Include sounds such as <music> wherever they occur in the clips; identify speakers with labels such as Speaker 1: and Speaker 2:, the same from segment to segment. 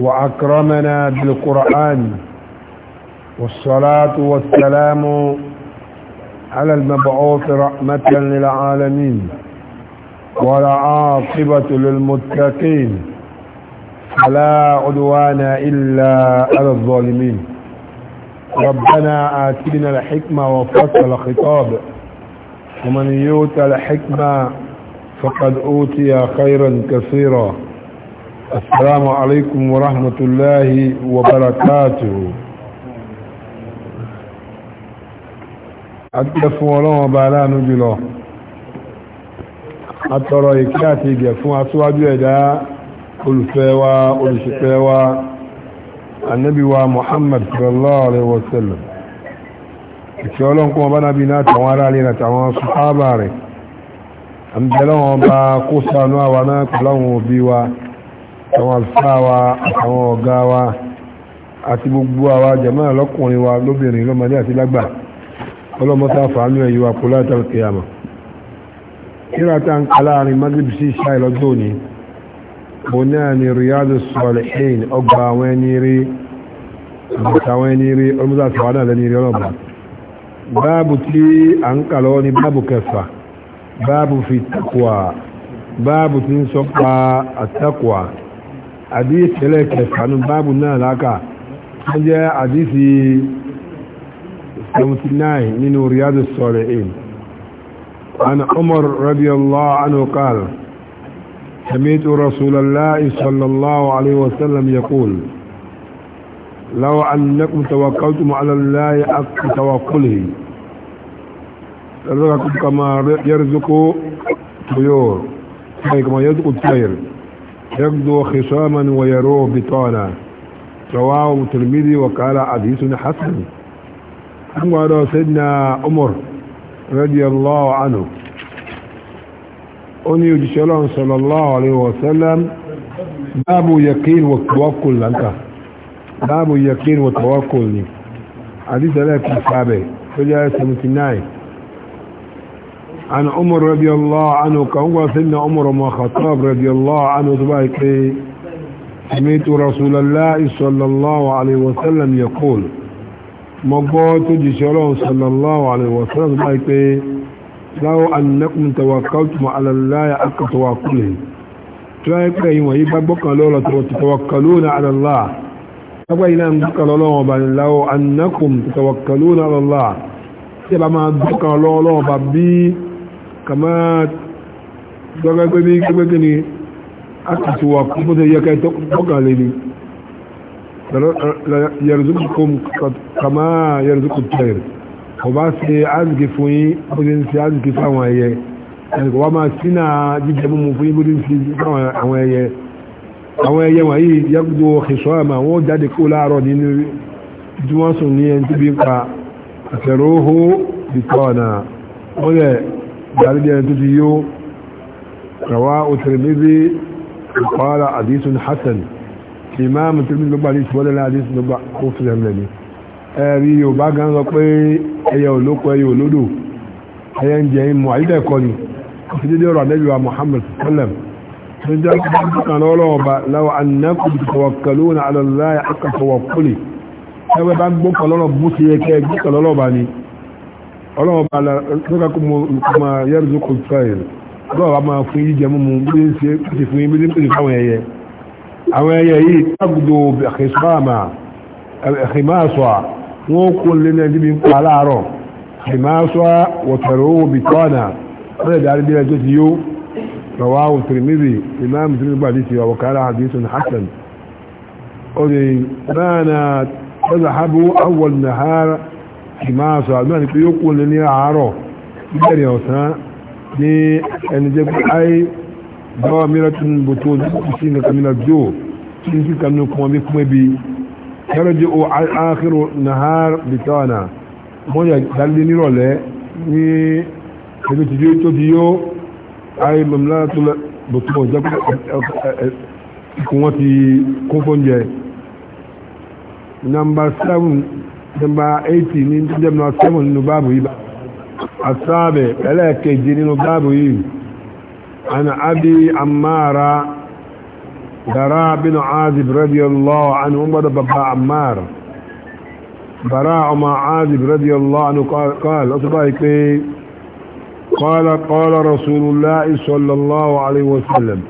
Speaker 1: وأكرمنا بالقرآن والصلاة والسلام على المبعوث رحمة للعالمين والعاقبة للمتقين فلا عدوان إلا على الظالمين ربنا آتنا الحكمة وفصل خطاب ومن يؤتى الحكمة فقد أوتي خيرا كثيرا السلام عليكم ورحمة الله وبركاته أتفو الله وبعلا نجله أترى إكاتي جفو أسواج إدا ألفوا ألشفوا النبي ومحمد صلى الله عليه وسلم ìṣọ́lọ́n kún ọba náà bí náà tàwọn ará alẹ́ náà tàwọn sùpáàbà rẹ̀ àmì bá kó sànú àwa náà pẹ̀láwọn òbí wa àwọn àlùfáà wa àwọn ọ̀gá wa àti gbogbo àwa jàmáà lọ́kùnrin wa lóbìnrin lọ́mọdé àti lágbà ọlọ́mọta fàánú ẹ̀yí wa kò láti ọ̀kẹ́ àmà kíra tá ń kalá àrin magrib sí ṣáì lọ́jọ́ òní bó náà ni riyadu salihin ọgbà àwọn ẹni rí àbùtàwọn ẹni rí ọlọ́mọta fàánú ẹni báàbù fi takwa báàbù tí ń sọ pa àtakwa àdíyèsí ẹlẹ́kẹ̀ẹ́sánú báàbù náà láka wọ́n jẹ́ àdíyèsí 79 nínú riyadu salihin عن عمر رضي الله عنه قال سمعت رسول الله صلى الله عليه وسلم يقول لو أنكم توكلتم على الله حق توكله رزقكم كما يرزق الطيور كما يرزق الطير يبدو خصاما ويروه بطانا رواه الترمذي وقال حديث حسن عمر سيدنا عمر رضي الله عنه أني يجشلون صلى الله عليه وسلم باب يقين وتوكل لك باب يقين وتوكل حديث لك صحابه فجاء 79 عن عمر رضي الله عنه كان سيدنا عمر ما خطاب رضي الله عنه تبارك سمعت رسول الله صلى الله عليه وسلم يقول مبوت جشلون صلى الله عليه وسلم تبارك لو أنكم توكلتم على الله حق توكله تبارك ويبقى لولا تتوكلون على الله أبينا نبقى لولا لو أنكم تتوكلون على الله تبقى ما نبقى لولا ببيه Kama gbọ́gbẹ́gbẹ́ bí gbẹ́gbẹ́ ni a kì ti wà kún bó ṣe yẹ ká tọ́ka lè ní yẹrùzùkú kún kàmá yẹrùzùkú tẹ̀r kò bá ṣe azìkì fún yín bó ṣe ń ṣe azìkì fáwọn ẹyẹ ẹnìkò wá máa sínà jíjẹ mímu fún yín bó ṣe ń ṣe fáwọn àwọn ẹyẹ دارجة تجيو رواه الترمذي قال حديث حسن الإمام الترمذي لبا حديث ولا حديث لبا كوفي هملني ẹ̀rí yorùbá gan sọ pé ẹyẹ olóko ẹyẹ olódò ẹyẹ ń jẹ ìmọ̀ àyíká ẹ̀kọ́ ni àti dédé ọ̀rọ̀ àdẹ́bíwá Muhammad sallam tó jẹ́ kan lọ́wọ́ bá lọ́wọ́ annakum tawakkaluna ala Allah aka tawakkuli ẹgbẹ́ bá gbọ́kọ̀ lọ́rọ̀ bó ti yẹ kẹ́ gbọ́kọ̀ lọ́rọ̀ bá ni ọlọ́wọ́ bá la lọ́ka kó mo ma yẹ́rù tó kó fẹ́ẹ̀l lọ́wọ́ bá máa fún yíjẹ mímu bí ó ṣe ti fún yín bí ó ṣe fáwọn ẹyẹ àwọn ẹyẹ yìí tábùdó ẹ̀kẹ́sọ́àmà ẹ̀kẹ́máàsọ́à wọ́n kó lé ní ẹni bí ń pa láàárọ̀ ẹ̀kẹ́máàsọ́à wọ̀tẹ̀rọ̀ owó bí tọ́ọ̀nà ọ̀rẹ́ darí bí ẹjọ́ ti yó lọ́wọ́ àwọn tìrìmìrì ìmáàmù tìrìmìrì gbàdí ti ọ̀wọ̀kára àdìsùn hasan ọ̀rẹ́ náà tọ́zàhábù àwọn nàhárà ìmáa sọ àdúrà ní pé yóò kún ní àárọ̀ ìbẹ̀rẹ̀ ọ̀sán ní ẹni jẹ́ pé ayé báwa mìíràn tún bò tó sí ní kàmínà jò tí sí kàmínà kọmọ bí kúmẹ́ bí yọ́rọ̀ jẹ́ o ákírò nahar bitana wọ́n yà dálé nírọ̀lẹ́ ní ẹni tí tó ti yó ayé mọ̀mílá tó bò tó jẹ́ pé ikú wọn ti kún fóúnjẹ. Number seven nọmba 80 ní jẹ́ nọmba 7 nínú báàbù yìí asáàbẹ̀ ẹlẹ́ẹ̀kejì nínú báàbù yìí ana abi amara bara bin azib radiyallahu anhu wọn gbọ́dọ̀ bàbá amara bara ọmọ azib radiyallahu anhu kọ́ọ̀lù ọtọ́ báyìí pé kọ́ọ̀lù kọ́ọ̀lù rasulullah sallallahu alaihi wasallam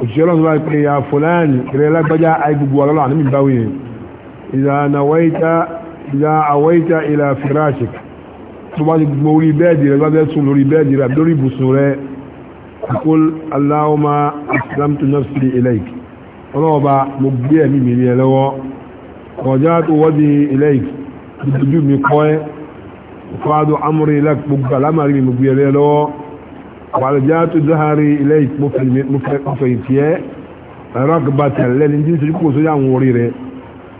Speaker 1: òṣìṣẹ́ lọ́sọ́ báyìí pé ya fulani kìrẹ́lẹ́gbẹ́já ayé gbogbo ọlọ́lọ́ إذا نويت إذا أويت إلى فراشك طبعا لوري بادي لا بس لوري بادي لا لوري بصورة تقول اللهم أسلمت نفسي إليك رابع مبدئ من يلوى رجعت وجهي إليك بالوجود مقوي وقعد أمري لك مقبل أمري مبدئ يلوى ورجعت ظهري إليك مفهمتي رغبة لن تنسى كوسو يا موري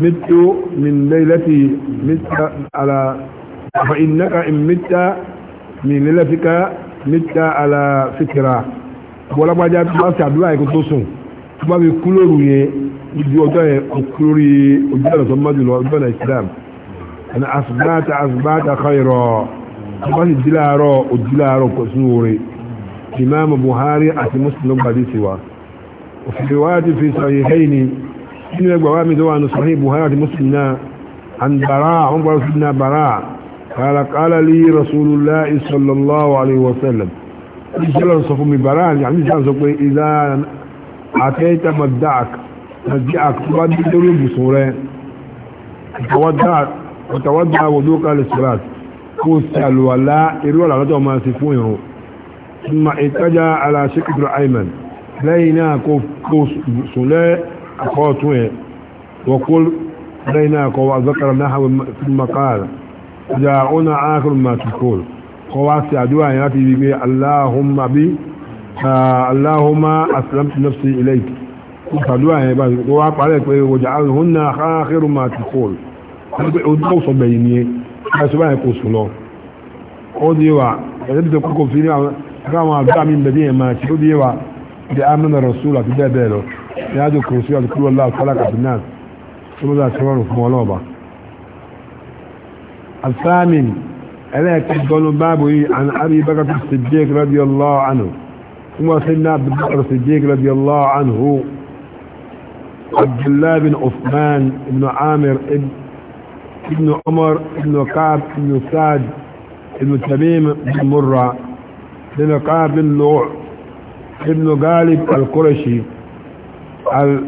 Speaker 1: مت من ليلتي مت على فإنك إن مت من ليلتك مت على فكرة wọ́n lápá já bá ti àdúrà ikú tó sùn tó bá fi kú lóru yẹn ibi ọjọ́ yẹn kú lórí ojú ọ̀nà tó mọ́ jùlọ ojú ọ̀nà Islam ẹni asibáta asibáta kọ́ìrọ̀ tó bá sì jí láàárọ̀ ojú láàárọ̀ kò sínú oore Imam Buhari àti Muslim gbàdí sí wa òfìfẹ́ wa ti fi sọ yìí hẹ́yìn ni nínú ẹgbà wá mi tó wà ní sahih buhari àti muslim náà an bara àwọn gbọ́dọ̀ sí náà bara kala kala li rasulullah sallallahu alaihi wa sallam ìṣẹ́lẹ̀ sọ fún mi bara ni àmì ìṣẹ́lẹ̀ sọ pé ìlà àtẹ́ta madak àti àkùbá dídórí ibùsùn rẹ ìtàwádà wọ̀dó kalẹ̀ sirat kó sí àlùwàlá irú àlàlọ́tọ̀ máa ti fún ìrùn ثم اتجه على شكل ايمن لينا كوف كوس سلاء أخوته وقل بينك وذكر في المقال جاءنا آخر ما تقول قواسي أدواء ياتي بي اللهم بي آه اللهم أسلمت نفسي إليك أدواء يبقى وقع عليك وجعلهن آخر ما تقول ودوص بيني أسواء يقول ó di wa ẹ̀lẹ́bí tó kọ́kọ́ fi ní àwọn àgbà mi bẹ̀rẹ̀ yẹn máa ṣe ó di يجو كرسي يقول الله خلق الثامن ألا يكون بابه عن أبي بكر الصديق رضي الله عنه ثم سيدنا أبي بكر الصديق رضي الله عنه عبد الله بن عثمان بن عامر بن عمر بن كعب بن سعد بن تميم بن مرة بن كعب بن نوح بن غالب القرشي al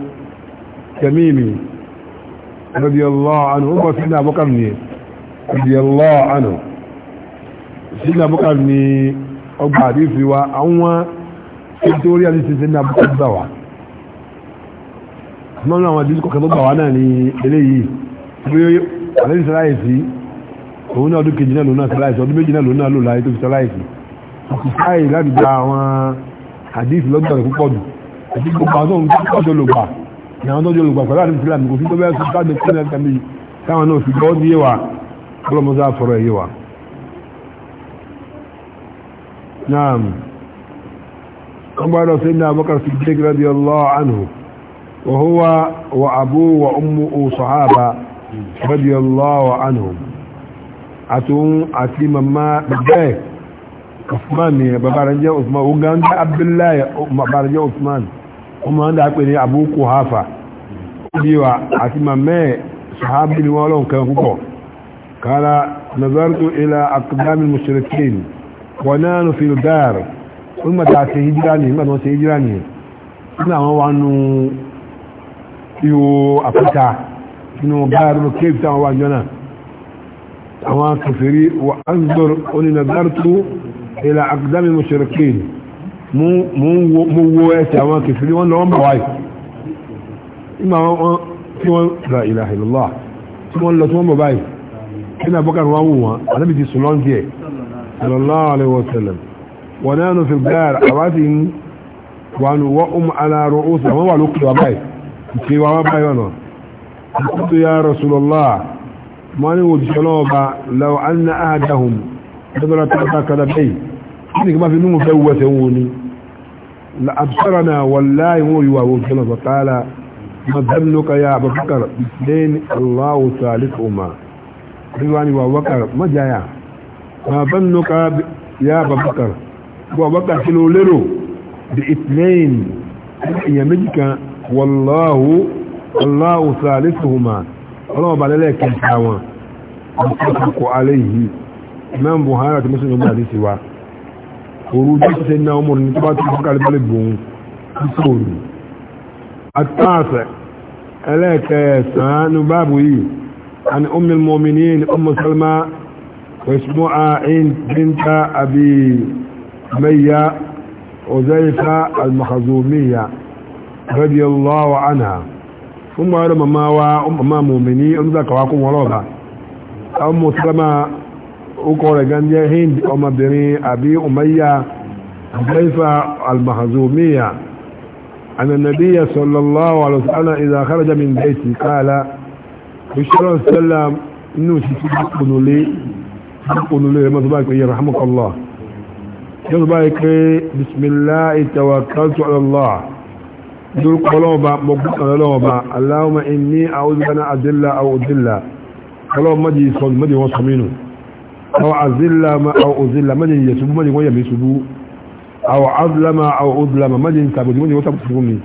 Speaker 1: رضي الله عنه هو سيدنا أبو بكر رضي الله عنه ọgbà àdífi wa àwọn nítorí àdífi sí ní abúkọ́ gbà wá mọ́nà àwọn àdífi kọ̀kẹ́ tó gbà wá náà ní eléyìí bí àdífi sáláìsì òun náà ọdún sáláìsì ọdún méjì náà lò láyé tó fi sáláìsì àti láti gba àwọn àti gbogbo àwọn tó ń tọ́jọ́ lògbà ní àwọn tọ́jọ́ lògbà pẹ̀lú àdúgbò ìlànà kò sí tó bẹ́ẹ̀ sọ sáàdì tí wọ́n tẹ̀lé táwọn náà fi gbọ́ yé wa ọlọ́mọdé àfọ̀rọ̀ yé wa. naam wọ́n gbọ́dọ̀ sí ní abọ́kar sí jẹ́ radiyallahu anhu wa huwa wa abu wa ummu sahaba radiyallahu anhum àtún àti màmá bẹ́ẹ̀ Usman ni bàbá Usman ogan Abdullahi bàbá Usman wọ́n máa ń dá pé ní Abu Kuhafa bí wa àti mamẹ́ sahabi ni wọ́n lọ́n kan púpọ̀ kala nazartu ila aqdami al-mushrikin wa nanu fi dar wọ́n máa ta ṣe hijira ni nígbà tí ṣe hijira ni nínú àwọn wa nu ihò àpáta nínú báyàrú kéèkì táwọn wà jọ́nà àwọn kẹfẹ́rí wa anzur oní mo wo ẹsẹ̀ àwọn kìfìrí wọn lọ́wọ́ bàwá yìí nígbà wọn tí wọ́n ra ilaha illallah tí wọ́n lọ tí wọ́n bàbá yìí kí ní abọ́kà wọn wò wọn àdébì ti sùn lọ́n díẹ̀ sallallahu alaihi wa sallam wọn náà nù fi bẹ́ẹ̀rẹ̀ àwátì ń wà nù wọ́n um aláàrọ̀ ó sì àwọn wà ló kí wa báyìí لأبصرنا والله ويوا وكنا فقال ما ظنك يا أبو بكر اثنين الله ثالثهما رضواني وبكر ما جايا ما ظنك يا أبو بكر أبو بكر كيلو ليرو باثنين يمجك والله الله ثالثهما الله بالله كان عليه امام بخاري مسلم حديث واحد òru tí ṣe ní ọmọ ní tó bá ti fún kálíbálì bò ń títí òru àtàṣẹ ẹlẹ́ẹ̀kẹsàn-án báàbù yìí عن أم المؤمنين أم سلمى واسمها عين بنت أبي مية وزيفة المخزومية رضي الله عنها ثم أرمى ما وأم مؤمنين أم ذاك وعقوم ولوغا أم سلمى okọ̀ rẹ̀ gan jẹ́ hind ọmọbìnrin àbí umayya hudayfa al-mahzumiya anna nabiyya sallallahu alaihi wasallam idha kharaja min bayti qala bishara sallam inú sí sí kùnulé kùnulé rẹ̀ mọ́tò báyìí pé yẹ rahmukallah yọ́tò báyìí pé bismillahi tawakkaltu ala allah دول قلوبا مبقى قلوبا اللهم إني أعوذ بنا أدلة أو أدلة قلوب مدي صد مدي وصمينه أو أذل ما أو أذل من يسب من يقوم يسب أو أظلم أو أظلم من يتبد من يتبدني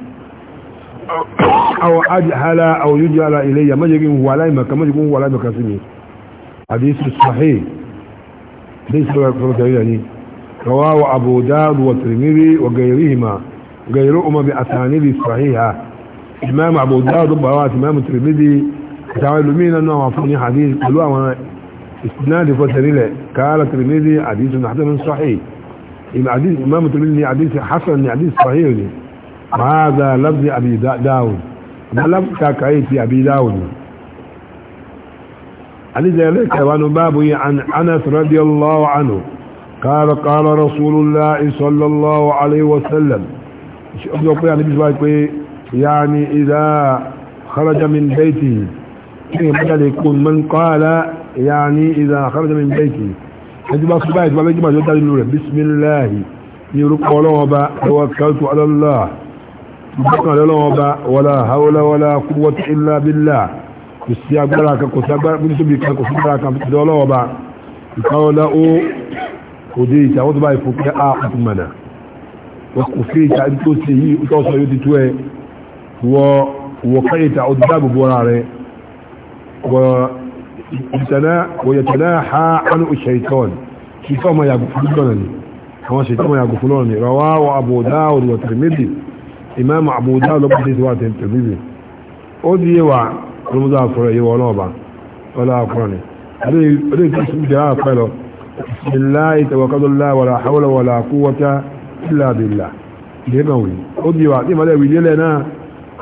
Speaker 1: أو أجهل أو يجهل إلي من يقوم ولا مكة من يقوم ولا مكة سمي حديث صحيح ليس يعني رواه أبو داود والترمذي وغيرهما غيرهما بأسانيد صحيحة إمام أبو داود وبروات إمام الترمذي تعلمين أنه عفوني حديث قالوا اسناد فتريلة قال ترمذي حديث حسن صحيح حديث امام ترمذي حديث حسن حديث صحيح هذا لفظ ابي داود لم كاكايت ابي داود ذلك وان باب عن انس رضي الله عنه قال قال رسول الله صلى الله عليه وسلم يعني اذا خرج من بيته من قال يعني إذا خرج من بيته عندما صباح ما بيجي ما جدا النور بسم الله يرق ولوبا توكلت على الله بقى لوبا ولا حول ولا قوة إلا بالله بالسيابرك كسابر بنسو بك كسابرك لوبا قال له قديت أعوذ بها يفوك أحكمنا وكفيت أن تسيه وتوصل يتتوه ووقيت أعوذ بها بوراره و ويتناحى عنه الشيطان شيطان ما يغفلونني هو شيطان ما يغفلونني رواه أبو داود والترمذي إمام أبو داود وبحديث وقت الترمذي أدري وع المضافر يولوبا ولا أقراني أدري اسم جاء قاله بسم الله توكل الله ولا حول ولا قوة إلا بالله ليبوي أدري وع دي ما لي لنا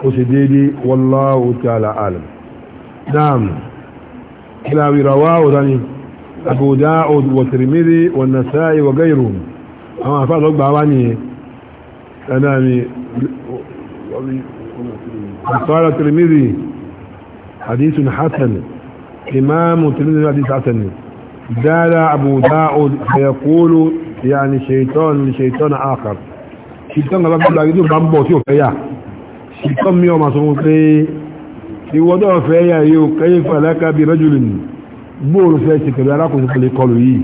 Speaker 1: وسديدي والله تعالى أعلم نعم كلاوي رواه ذنب أبو داود والترمذي والنسائي وغيرهم أما فاتوا بعواني أنامي قال الترمذي حديث حسن إمام الترمذي حديث حسن دال أبو داود فيقول يعني شيطان لشيطان آخر شيطان قال الله يدور بامبو شوف شيطان ميوم ما ليه ìwọ́n náà fẹ́ yà yóò kẹ́yìn fàlákà bí rẹ́jùlì ní gbóòrò fẹ́ ti pẹ̀lú arákùnrin pẹ̀lú kọlù yìí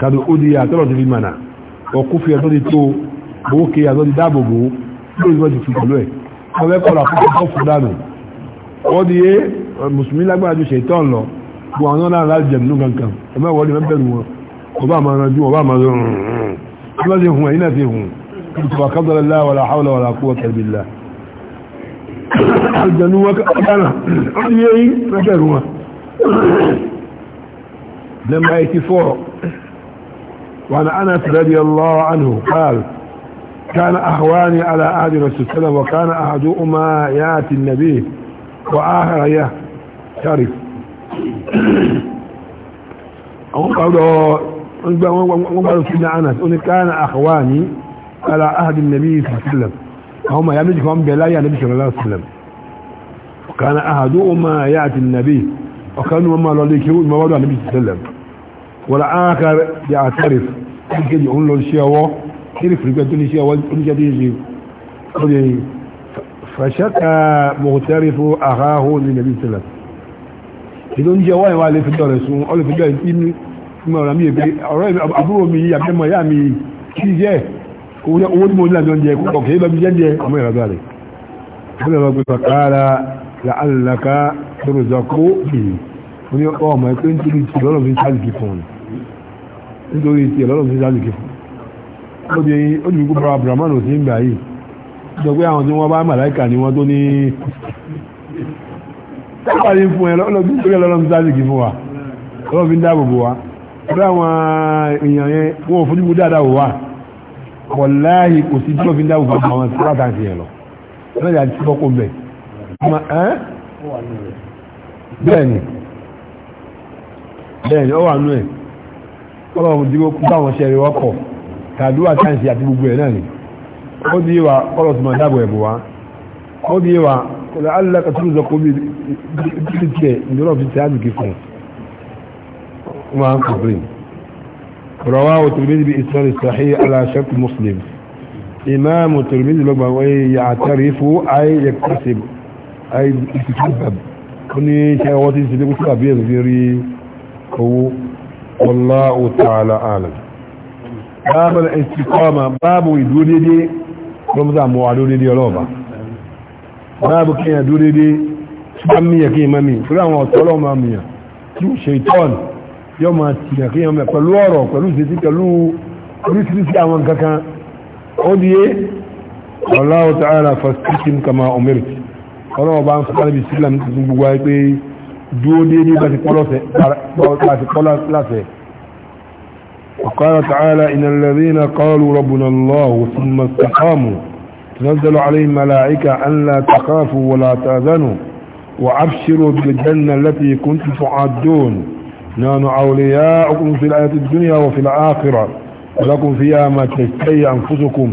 Speaker 1: kàdù ó di àtọ́rọ̀ ti fi mànà ọkú fi ẹ̀tọ́ ti tó owó kí ẹ̀tọ́ ti dáàbò bò ó lórí wọ́n ti fi pẹ̀lú ẹ̀ wọ́n fẹ́ kọ́ra fún ọkọ̀ fún dànù wọ́n di yé mùsùlùmí lágbára ju ṣètọ́n lọ bu àwọn náà láti حجنوك أنس رضي الله عنه قال كان أخواني على عهد رسول الله الله صلى عليه وسلم وكان احدهما ياتي النبي وآخر يه شريف أقول له سيدنا أنس كان أخواني على عهد النبي صلى الله عليه وسلم هم يا مجي فهم بلاي النبي صلى الله عليه وسلم وكان كان ما يأتي النبي وكانوا ما لو ليك ما ولو النبي صلى الله عليه وسلم ولا آخر يعترف يجي يقول له الشيء هو يعرف الجدني شيء هو الجدني شيء فشكى مغترف أخاه للنبي صلى الله عليه وسلم ìdóní jẹ́ wáyé في lè fi dọ̀rẹ̀ sun ọlọ́fẹ́jọ́ ìtí ní ọ̀rọ̀ mi àbúrò mi àbẹ́mọ̀ ìyá mi kí jẹ́ owó ní mo ní àjọ jẹ kúkọ kìí bá mi jẹ́ ọmọ ìrọ̀gbà rẹ̀ wọ́n lè rọ̀gbà kára láàlàkà ní ọmọ ẹgbẹ́ nítorí tí lọ́rọ̀ fi sáàlì kí fún nítorí fi ń dáàbò bò wa lọ́rọ̀ àwọn èèyàn yẹn wọ́n ò fojú dáadáa wò wá wọláyì kò sí jọ́bí ní àwùjọ àwọn tíráta àti ẹ̀lọ ẹlẹ́dàá ti fọ́kọ́ mẹ́ bẹ́ẹ̀ni bẹ́ẹ̀ni ó wà nú ẹ̀ ọlọ́run dúró kú báwọn ṣe rí wọ́kọ̀ tàdúrà táǹsì àti gbogbo ẹ̀ náà ni ó di wa ọlọ́ tó máa dáàbò ẹ̀bù wa ó di wa kọlẹ̀ aláka tó lùzọ kóbi bí tiẹ̀ ìjọba fi tẹ́ àdùkì fún wọn á kọ̀ọ̀bìnrin رواه الترمذي بإسناد صحيح على شرط مسلم إمام الترمذي لقبوي يعترف أي يكتسب أي يتسبب كوني شهواتي سيدي كتلا بيزيري هو والله تعالى أعلم باب الاستقامة باب يدوني دي رمضا موعدوني دي يلوبا باب كي يدوني دي سمي يكي مامي فلا هو طلو مامي شيطان yóò máa tìnà kí yàn mẹ́ pẹ̀lú ọ̀rọ̀ pẹ̀lú ìṣesí pẹ̀lú oríṣiríṣi àwọn kankan ó di yé Allahu ta'ala fastaqim kama umirta ọlọ́wọ́ bá ń fún alábi sílẹ̀ ní gbogbo ayé pé dúó déédéé bá ti kọ́ láṣẹ وقال تعالى إن الذين قالوا ربنا الله ثم استقاموا تنزل عليهم ملائكة أن لا تخافوا ولا تأذنوا وأبشروا بالجنة التي كنتم تعدون نحن أولياءكم في الآية الدنيا وفي الآخرة ولكم فيها ما تشتهي أنفسكم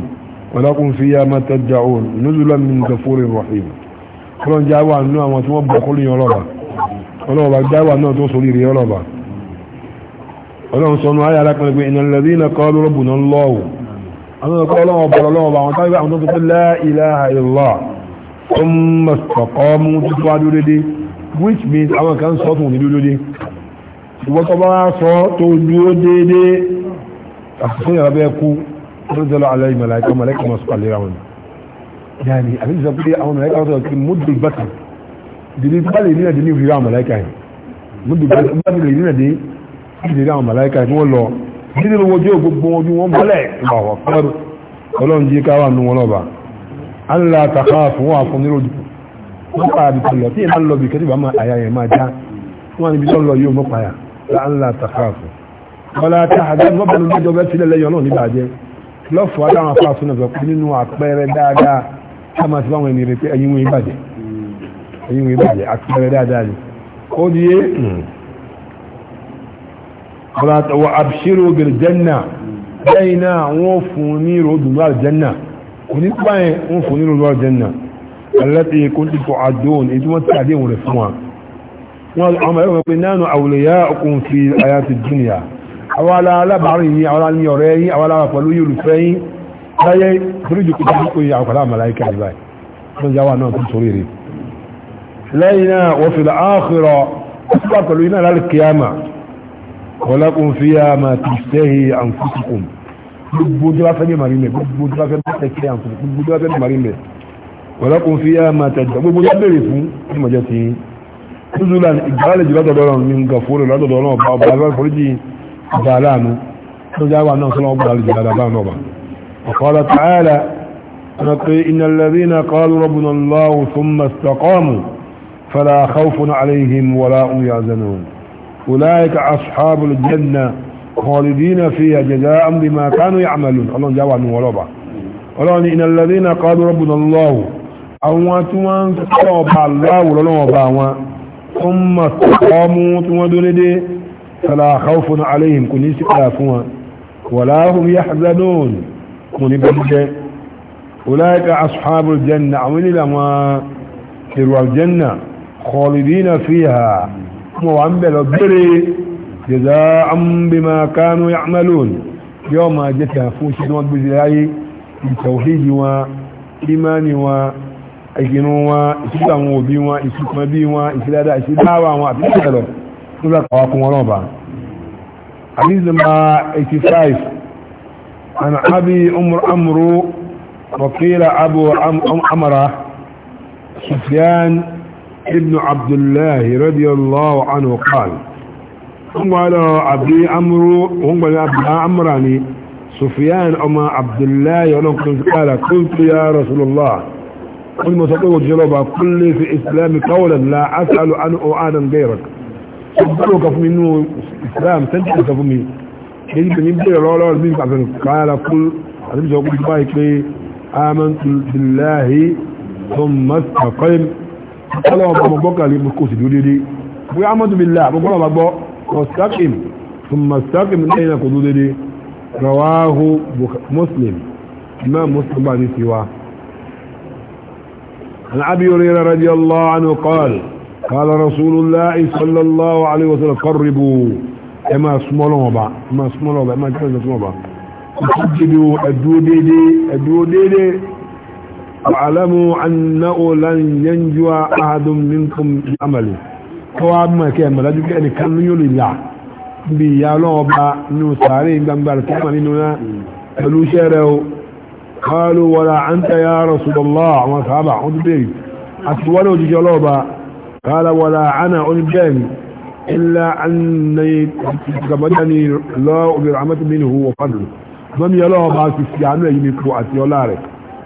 Speaker 1: ولكم فيها ما تدعون نزلا من غفور رحيم كلهم جاوا نوع ما تمبع كل يولوبا يولوبا جاوا نوع توصل لي يولوبا ولهم صنوا آية لكم إن الذين قالوا ربنا الله أنا قال لهم أبرا لهم أبرا وطيب أن تقول لا إله إلا الله ثم استقاموا تتوعدوا لدي which means أما كان صوتهم لدي ṣùgbọ́n tó bá sọ tó dúró déédéé àfihàn yàrá bẹ́ẹ̀ kú rẹ́dọ̀lọ́ alẹ́ ìmọ̀láìkà mọ̀lẹ́kà mọ̀ sọ́kà lera wọn yàní àbí sọ pé àwọn mọ̀lẹ́kà sọ̀rọ̀ kí múdù bàtà dìbí báyìí nínú ìdílé ìfìrí àwọn mọ̀lẹ́kà yìí múdù bàtà báyìí nínú ìdílé àwọn mọ̀lẹ́kà yìí wọ́n lọ nínú ojú gbogbo ojú wọn bọ́lẹ̀ ọlọ́run jí káwà nù láńlá tàkàfù ọlá tàhàdá mọ́bàá ní ọjọ́ bẹ́ẹ̀ sílẹ̀ lẹ́yìn ọlọ́run níbàjẹ́ lọ́fọ̀ adáwọn afá súnà sọ pé nínú àpẹẹrẹ dáadáa ká máa ti bá wọn ẹni rẹ pé ẹyin wọn ìbàjẹ́ ẹyin wọn ìbàjẹ́ àpẹẹrẹ dáadáa ni ó di yé ọlá tàwọn àbṣírò bèrè jẹ́nà lẹ́yìn náà wọ́n fún ní ròdùnú àjẹ́nà kò ọmọ ẹ̀wọ̀n pé nánú àwòlẹ̀yà okùn fi àyà ti dúnìyà awala alábàárin yìí awala ní ọ̀rẹ́ yìí awala pẹ̀lú yìí olùfẹ́ yìí láyé toríjù kí tí ó yà àkọ́lá àmàláìkà ìbáyìí tó jáwà náà tó sórí rẹ̀ gbogbo tí wọ́n fẹ́ ní màrí gbogbo tí wọ́n fẹ́ ní sẹ́kì wọ́n fẹ́ ní màrí mẹ́ gbogbo tí wọ́n fún ìmọ̀jọ́ ti yín tuzulan igbalejo lado dolorun mi nkan fori lado dolorun ba ba ba fori ji balanu to ja wa na so lo gbalejo lado ba وقال تعالى ان الذين قالوا ربنا الله ثم استقاموا فلا خوف عليهم ولا هم يحزنون اولئك اصحاب الجنه خالدين فيها جزاء بما كانوا يعملون الله جاوا من ولبا ولان ان الذين قالوا ربنا الله او انتم تقوا بالله ولا نوبا وان ثم قاموا تمدون فلا خوف عليهم كن يسقافون ولا هم يحزنون كن بجد أولئك أصحاب الجنة عمين لما تروا الجنة خالدين فيها وعنبل الدري جزاء بما كانوا يعملون يوم جتها فوش نوت بزلاي التوحيد وإيمان وإيمان ìkínú wọn ìsìnkú àwọn òbí wọn ìsìnkú ẹbí wọn ìsìlẹ́dà ìsìláwà wọn àti ìsìnkú ẹ̀lọ́ tó bá kàwá kún wọn náà bá àdìs nàmbà 85 àná àbí amúrú wàkílà abu amara sufyan ibn abdullahi radiyallahu anhu qala ngwalo abi amru ngwalo abi amrani sufyan ọmọ abdullahi ọlọ́nkùnrin kala qultu ya rasulullah قل مصدقه الجلوبة كل في إسلام قولا لا أسأل عن أعانا غيرك صدقك منه إسلام تنجلك منه يجب أن يبدأ الله منك قال كل أدمس أقول بايك لي آمنت بالله ثم استقيم قال وما بقى لي مكوس دولي وآمنت بالله بقول ما بقى واستقم ثم استقم من أين قدودي رواه مسلم إمام مسلم بعد سواه عن أبي هريرة رضي الله عنه قال قال رسول الله صلى الله عليه وسلم قربوا اما اسمولوا با اما اسمولوا با اما اسمولوا با تجدوا الدوديدي الدوديدي واعلموا انه لن ينجو احد منكم بعمله كوا ما كان ملاجو كان كانوا يقولوا لا بي يا لو با نو ساري غنبار كما نينا pẹ̀lú iṣẹ́ rẹ̀ قالوا ولا أنت يا رسول الله ما صحابة عود بيك أتولوا جلوبا قال ولا أنا عود بيك إلا أني تقبلني الله برحمة منه وفضله من يلوبا تستعمل يميك وأتي ولارك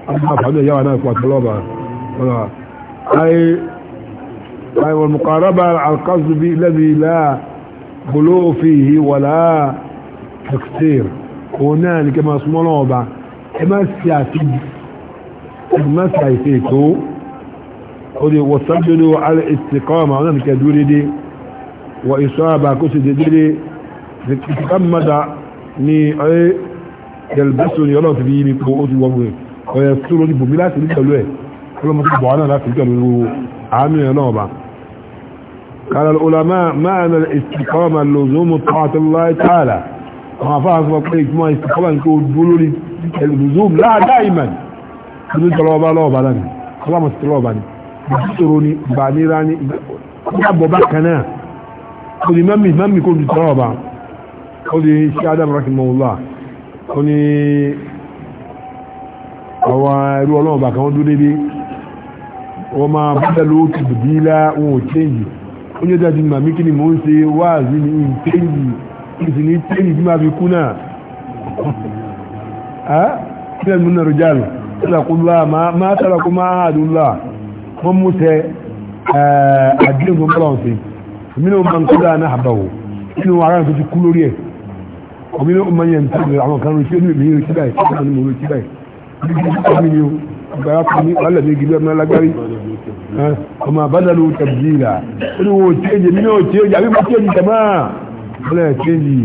Speaker 1: أما فهمنا يا أنا كوات يلوبا أي أي والمقاربة على القصد الذي لا بلوغ فيه ولا تكثير هنالك ما اسمه لوبا ẹ má ṣe àṣejù ẹ má ṣe àìṣe ètò ó lè wọ sábẹ́lú alẹ́ ìsìnkọ́ọ̀mà ọ̀nà nìkẹ́ dúró dédé wọ ìṣọ́ àbá kó ṣe dédé ìsìnkọ́mọ́dà ni ọ̀rẹ́ yẹlbẹ́sọ̀ ni ọlọ́ọ̀tì bí ní kó ó ti wọ́n wẹ̀ الاستقامة اللزوم طاعة الله تعالى ما فاهم فقيت ما استقامة كود بلولي ẹlùmùzùm láàdá ìmọ̀ ní tọ́lọ́ọ̀bá lọ́ọ̀bá lánàá alámọ̀sí lọ́ọ̀bá ni ìṣòro ni bà nira ni ìyàbọ̀ bá kan náà ó di mẹ́mì mẹ́mì kò ní tọ́lọ́ọ̀bá ó di iṣẹ́ adam rahimahullah ó ní àwọn ẹrú ọlọ́ọ̀bá kan wọ́n dúró débi wọ́n máa bọ́dẹ̀ ló ti dùbí lá wọn ò chẹ́ǹgì ó ní màmí kí ni mò ń ṣe wáàzí ni ìchẹ́ǹgì ìsìn ní chẹ́ǹgì bí máa fi kú náà kílẹ̀ múnà rìjálù tàràkùnlá máa tàràkùn máa àdúlá wọ́n mú tẹ àdín tó mọ́lá ọ̀sẹ̀ mínú ma ń kọ́dá náà àbáwò nínú ara tó ti kú lórí ẹ̀ ọmọdé ọmọ yẹn tó lè àwọn kan rìṣẹ́ ní ìlú ìrìṣẹ́ báyìí tó ní mo rìṣẹ́ báyìí ní ìlú mi ni ìgbàlá kan ní wàhálà mi gidi ọmọ alágbárí ọmọ àbádàlú tàbílà ó ní wo change mi náà change àbí mo change tẹ̀mọ́ ọlọ́ọ̀ change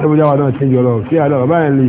Speaker 1: tẹ́bọ̀jáwà náà change ọlọ́ọ̀ sí àlọ́ ọ̀bá yẹn lè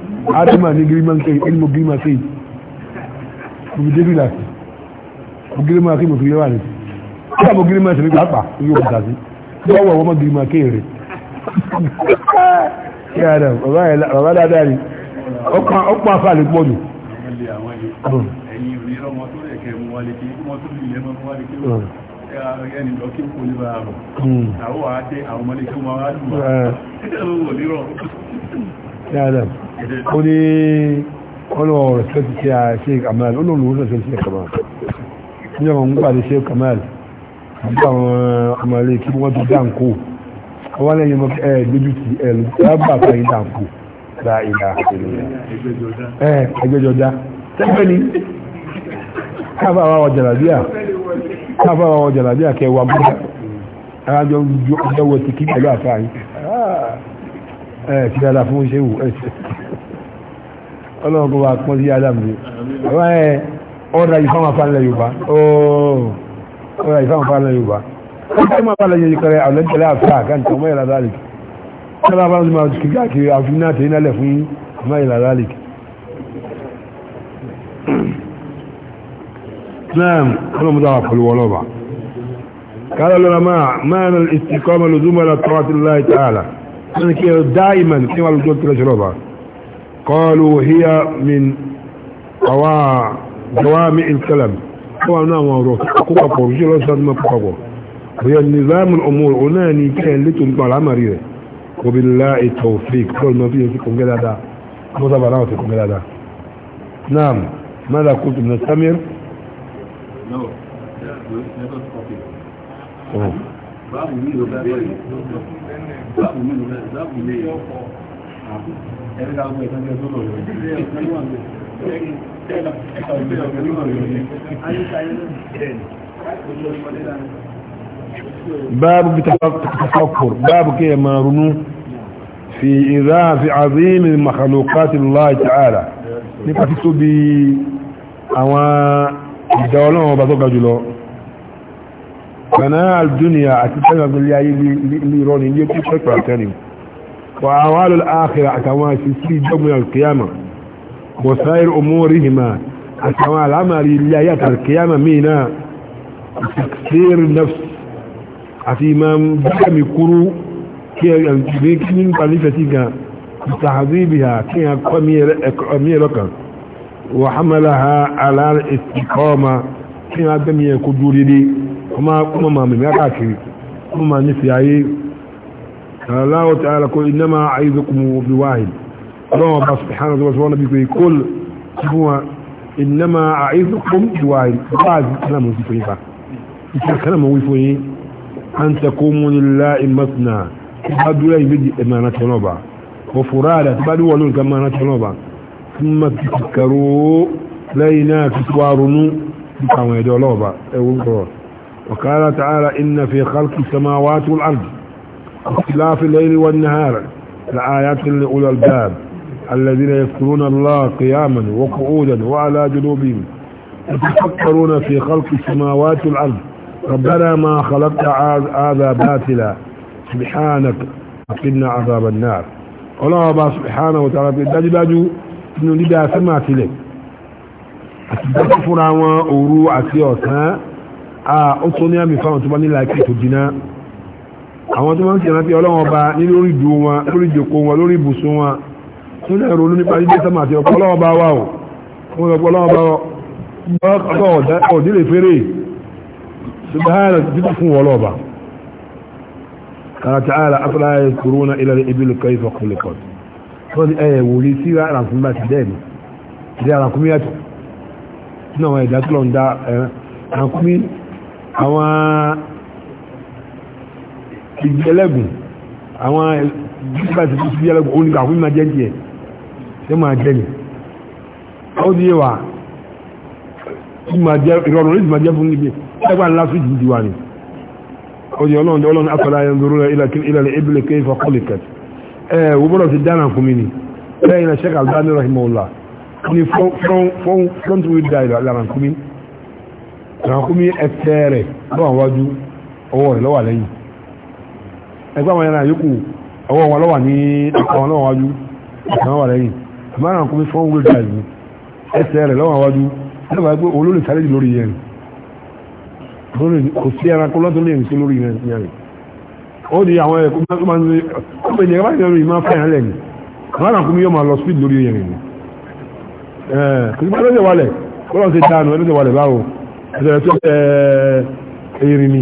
Speaker 1: adama ne girman kai ilmu girma kai ku bi dabi lafi ku girma kai mafi yawa ne ina mu girma sai ga ba ku yi wata shi ba wa wa girma kai re ya da ba ya ba da dari o pa o <laughs> pa fa le modu ẹ̀yin ri ọmọ tó rẹ̀ kẹ́ mú wálé kí wọ́n tó lè mọ́ wálé kí wọ́n hmm. ẹni lọ kí kò ní bá rọ̀ hmm. àwọn àti àwọn ọmọdé kí wọ́n wá lù wá hmm ó ní ọlọ́wọ́ rẹ̀sẹ̀tì sí Sheikh Kamal olóòlùwọ́ rẹ̀sẹ̀tì sí Kamal ní ọmọ ń pàdé Sheikh Kamal àbúrò àwọn ọmọ ilé kí wọ́n tó dáǹkó wọ́n lẹ́yìn mọ́ ẹ̀ lójú ti ẹ̀ lábà fẹ́yìn dáǹkó la ìlà ẹgbẹ́jọdá tẹ́gbẹ́ ni káàbà àwọn ọjàlàbíà káàbà àwọn ọjàlàbíà kẹwàá gbọ́dá arájọ ọjọ́ wọ́n ti kí pẹ̀lú àfáà yìí ẹ̀ ti dáadáa fún ṣéwù ẹ̀ṣẹ̀ ọlọ́run kó wa pọ́n sí adamu bàbá yẹn ọ̀rọ̀ ìfọ̀n afánilẹ̀ yorùbá ọ̀rọ̀ ìfọ̀n afánilẹ̀ yorùbá ó tẹ́ máa fánilẹ̀ yorùbá kẹrẹ àwọn ẹ̀kẹ́lẹ́ àfẹ́ àkáǹtì ọmọ ìlà dalek sábà bá wọn ti kíkà kiri àfin náà tẹ̀yìn nálẹ̀ fún ọmọ ìlà dalek. نعم أنا مضاعف الولوبة قال العلماء معنى الاستقامة لزوم على طاعة الله تعالى دائما كما لزوم تلك قالوا هي من جوامع الكلام هو انا وروح حقوق فرجل صد ما حقوق هي النظام الامور اناني كان لتنطلع العمريه وبالله التوفيق كل ما فيكم كده ده متبرعاتكم كده ده نعم ماذا قلت نستمر no. oh. باب منه باب منه باب منه باب التفكر باب كما رنو في إذاعة عظيم المخلوقات الله تعالى نفتسو بي أوان الدولة وبطوك جلو فنا الدنيا أتتنى بالله لي روني لي كيف تاني وأعوال الآخرة أتوان سيسي يوم القيامة وسائر أمورهما أتوان العمل إليات القيامة مينا تكسير النفس أتي إمام بكم يكرو كي ينتبه كي ينطلفتك بتحذيبها كي أقومي لك وحملها على الاستقامة كي أقومي كدوري لي وما أقوم ما ممكن أكاكي وما نسي عليه الله تعالى قل إنما أعيذكم بواحد الله سبحانه وتعالى سبحانه بيقول هو إنما أعيذكم بواحد بعض الكلام وفيفا الكلام وفيفا أن تقوموا لله مثنى بعد الله يبدي إمانة نوبة وفرادة بعد ولون إمانة نوبة ثم تذكروا لينا تتوارنوا بكما يدعو نوبة وقال تعالى إن في خلق السماوات والأرض اختلاف الليل والنهار لآيات لأولى الباب الذين يذكرون الله قياما وقعودا وعلى جنوبهم يتفكرون في خلق السماوات والأرض ربنا ما خلقت هذا باتلا سبحانك أقلنا عذاب النار ọlọ́wọ́ba ṣùgbọ́n wọ̀tàrà pé dájúdájú inú dídá sẹ́mà sílẹ̀ àti dájú fúnra wọn òru àti ọ̀sán a ó tó àwọn tó máa ń tẹ̀lá tí ọlọ́wọ́n bá ní lórí ìdú wọn lórí ìjòkó wọn lórí ìbùsùn wọn tó lè ronú nípa ilé sọ́mà àti ọ̀pọ̀ ọlọ́wọ́n bá wà ó wọ́n lọ́pọ̀ ọlọ́wọ́n bá ọ̀dọ́ ọ̀dílé fèrè subhana títí fún ọlọ́ọ̀bà kàràtà àlà afẹ́láyé kúrónà ilẹ̀ ibìlì kan ìfọ̀ kọlẹ̀kọ̀t wọ́n ti ẹ̀yẹ̀ wòlí sí ràkúnmí àti dẹ́ẹ̀ni igi ẹlẹ́gùn àwọn gbígbà ti fi ẹlẹ́gùn ó ní kàfún máa jẹ́ tiẹ̀ ṣé máa jẹ́ ni ó di wa ìrọ̀rùn ní ti máa jẹ́ fún níbi ẹgbà ńlá sí ìjì wa ni ó di ọlọ́run ọlọ́run afẹ́lá ayé ń dúró ilẹ̀ ibùlẹ̀ kéé fọ́ kọ́lìkẹ̀t ẹ wo bọ́dọ̀ ti dáná fún mi ni bẹ́ẹ̀ ni sheikh albani rahimahullah ni front wheel drive lára kúmi lára kúmi ẹsẹ̀ rẹ̀ lọ́wọ́ wájú rẹ̀ lọ́wọ́ lẹ́yìn ẹgbẹ́ àwọn ẹran yòókù ọwọ́ wọn lọ́wà ní àwọn lọ́wọ́ wájú àwọn wà lẹ́yìn àmọ́ràn kún fún wíl drive ẹsẹ̀ rẹ̀ lọ́wọ́ wájú lọ́wọ́ pé olólè sáré lórí yẹn kò sí ẹranko lọ́tún lè sí lórí yẹn ó di àwọn ẹ̀kọ́ tó máa ń ṣe ó pè ní ẹ̀rọ ìrìn ìrìn máa fẹ́ràn lẹ́yìn àmọ́ràn kún yóò máa lọ speed lórí yẹn kò sí pé lọ́sẹ̀ wálẹ̀ kó lọ́sẹ̀ dáa nù ẹlẹ́sẹ̀ wálẹ̀ báwo ẹ̀sẹ̀ rẹ̀ tó ẹ̀ẹ́rìn ni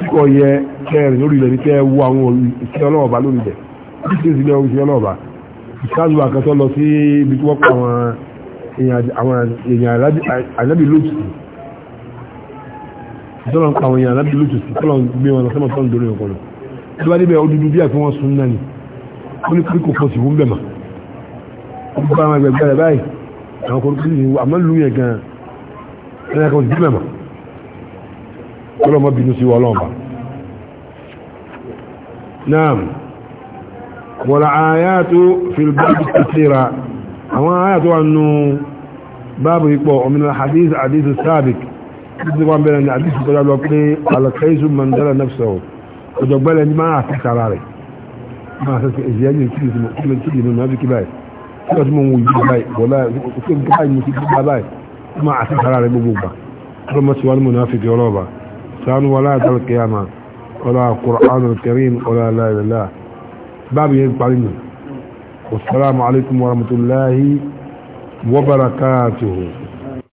Speaker 1: tí kò yẹ kẹrin lórí ilẹ̀ ní kẹ́ wo àwọn ìṣẹ́ ọlọ́ọ̀bá lórí ilẹ̀ bí kí ìṣẹ́ ìṣẹ́ ọlọ́ọ̀bá ìṣáàlù àkàtọ́ lọ sí ibi tí wọ́n pa àwọn èèyàn ànábì lóòtù sí ìṣọ́lọ́ ń pa àwọn èèyàn ànábì lóòtù sí tọ́lọ́ gbé wọn lọ sọ́mọ́ tọ́lọ́ dorí ọkọ̀ lọ tí wọ́n débẹ̀ ó dúdú bí àfi sun náà ni ó ní kíkò pọ̀ sí fún ọlọ́mọ bínú sí ọlọ́mọ naam wọ̀lá àyàtò filibabu kìtìra àwọn àyàtò wà nù báàbù ipò ọmọdé hadith hadith sabik títí wọ́n bẹ̀rẹ̀ ní hadith tó lọ pé alakaisu mandela nafsau ọjọ̀gbẹ́lẹ̀ ní máa fi kàrà rẹ̀ máa sẹ́sẹ̀ ìyẹ́yìn kìlì mọ̀ náà fi kí báyìí tí wọ́n ti mọ̀ wọ́n yìí báyìí wọ́lá ìkókò mọ̀ náà fi kí ọlọ́ọ̀bà sanu wala àti alkiyama wala qur'an alkarim wala láìlá báàbù yẹn parí nù wasalaamu alaykum wa rahmatulahi wa barakatuhu